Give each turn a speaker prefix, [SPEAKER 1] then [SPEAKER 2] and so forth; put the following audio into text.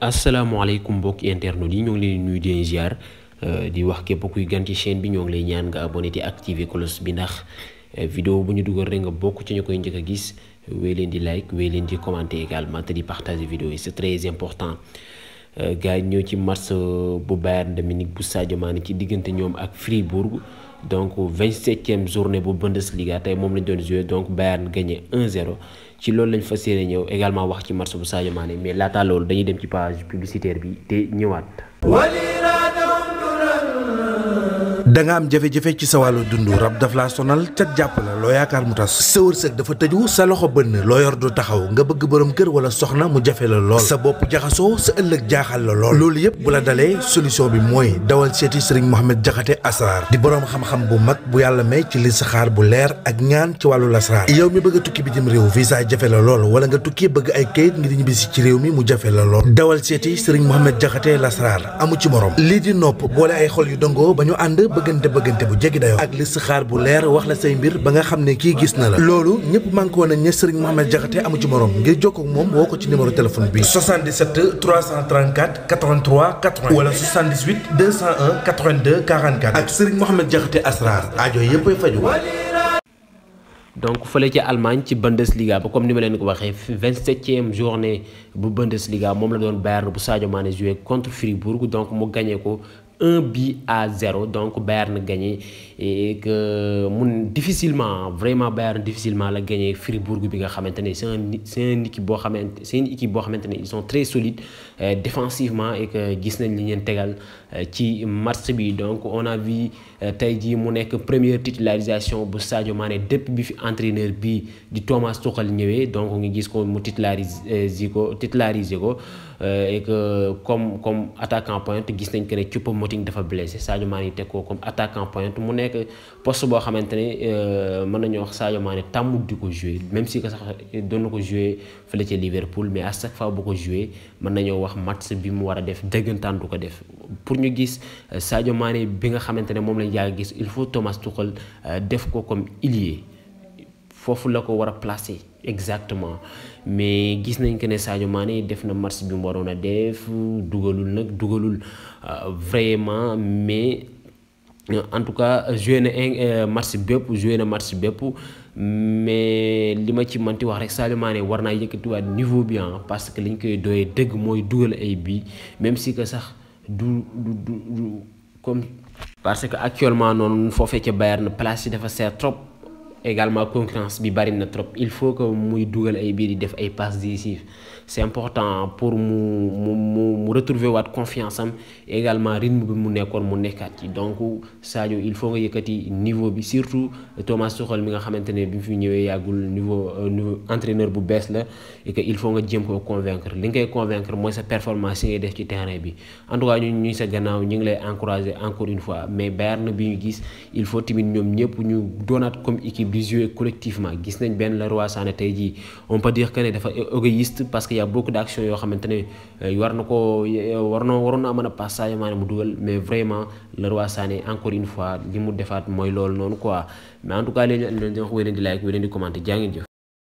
[SPEAKER 1] Assalamu mbokki internet yi ñoo ngi leen nuy di ziar euh, di wax képp kuy ci chaîne bi ñoo lay ñaan nga abonné activer cloche bi ndax euh, vidéo bu ñu rek ci gis like di commenter également te di partager vidéo c'est très important euh, gars yi ñëw ci match euh, bu Bayern de Munich bu Sadio Mané ci digënté ñoom ak Fribourg donc 27e journée bu Bundesliga tay mom lañ doon yeux, donc Bayern gagné 1-0 ci loolu lañ fas yéene ñëw également wax ci match bu Sadio Mané mais laata loolu dañuy dem ci page publicitaire bi té ñëwaat.
[SPEAKER 2] da nga am jafe-jafe ci sa wàllu dund rab daf laa sonal cat jàpp la loo yaakaar mu tas sa wërsëg dafa tëju sa loxo bënn loo yor du taxaw nga bëgg borom kër wala soxna mu jafe la lool sa bopp jaxasoo sa ëllëg jaaxal la lool loolu yëpp bu la dalee solution bi mooy dawal seeti sëriñ Mohamed Jaxate asraar di borom xam-xam bu mag bu yàlla may ci li saxaar bu leer ak ñaan ci wàllu lasraar yow mi bëgg a tukki bitim réew visa jafe la lool wala nga tukki bëgg ay kayit ngir ñibbisi ci réew mi mu jafe la lool dawal seeti sëriñ Mohamed Jaxate lasraar amu ci morom lii bëggante bëggante bu jéggi dayo ak listixaar bu leer wax la say mbir ba nga xam ne kii gis na la loolu ñëpp mànkoo nañ ne Serigne Mohamed Diakhaté amu ci morom ngir jokkoo ak moom woo ko ci numéro téléphone bi 77 334 83 80 wala 78 201 82 44 ak Serigne Mohamed Diakhaté Asrar aajo yëppay faju
[SPEAKER 1] donc fële ci Allemagne ci Bundesliga ba comme ni ma leen ko waxee 27e journée bu Bundesliga moom la doon Bayern bu Sadio Mané joué contre Fribourg donc mu gagné ko un bi à zéro donc Bayern gagné et que mon difficilement vraiment Bayern difficilement la gagné Fribourg bi nga c'est un c'est une équipe bo xamante c'est une équipe bo xamante ils sont très solides euh, défensivement et que gis nañ li ñen tégal euh, ci match bi donc on a vu euh, tey jii mu nek première titularisation bu Sadio Mané depuis bi fi entraîneur bi di Thomas Tuchel ñëwé donc ngi gis ko mu titularisé ko titularisé ko et que comme comme attaquant pointe gis nañ que ne Moting dafa blessé Sadio Mané teg ko comme attaquant pointe mu nek poste bo xamanteni euh mën nañu wax Sadio Mané tàmmut diko ko jouer même si que sax don ko jouer fele ci Liverpool mais à chaque fois bu ko jouer mën nañu wax match bi mu wara def dëggantaan du ko def pour ñu gis euh, Sadio Mané bi nga xamanteni mom lañu lañ yàgg gis il faut Thomas Tuchel euh, def ko comme ailier foofu la ko war a placer exactement mais gis nañ que ne Sadio Mané def na match bi mu waroon a def dugalul nag dugalul euh, vraiment mais euh, en tout cas joué na un euh, match bépp joué na match bépp mais li ma ci manti wax rek Sadio Mané war naa yëkkatiwaat niveau bi hein, parce que liñ koy doyee dëgg mooy dugal ay bi même si que sax du du du comme. parce que actuellement noonu foofee ca Bayern place yi dafa seer trop également concurrence bi bari na trop il faut que muy dougal ay biir di def ay passes décisives c'est important pour mu mu mu retrouver wat confiance am également rythme bi mu nekkoon mu nekkat ci donc Sadio il faut nga yëkkati niveau bi surtout Thomas Tuchel mi nga xamantene bi fi ñëwé yagul niveau euh, niveau entraîneur bu bees la et que il faut nga jëm ko convaincre li ngay convaincre moy sa performance ngay def ci terrain bi en tout cas ñu ñu sa gannaaw ñi ngi lay encourager encore une fois mais Bayern bi ñu gis il faut tamit ñom ñëpp ñu donat comme équipe du jouer collectivement gis nañ benn le Sané tey jii on peut dire que est dafa égoïste parce qu'il y' a beaucoup d'actions yo xamantene xamante euh, war na ko euh, war na waroon naa mën a mais vraiment le roi Sané encore une fois li defat moy mooy non quoi mais en tout cas les gens andi wax wéy di like wéy di commenter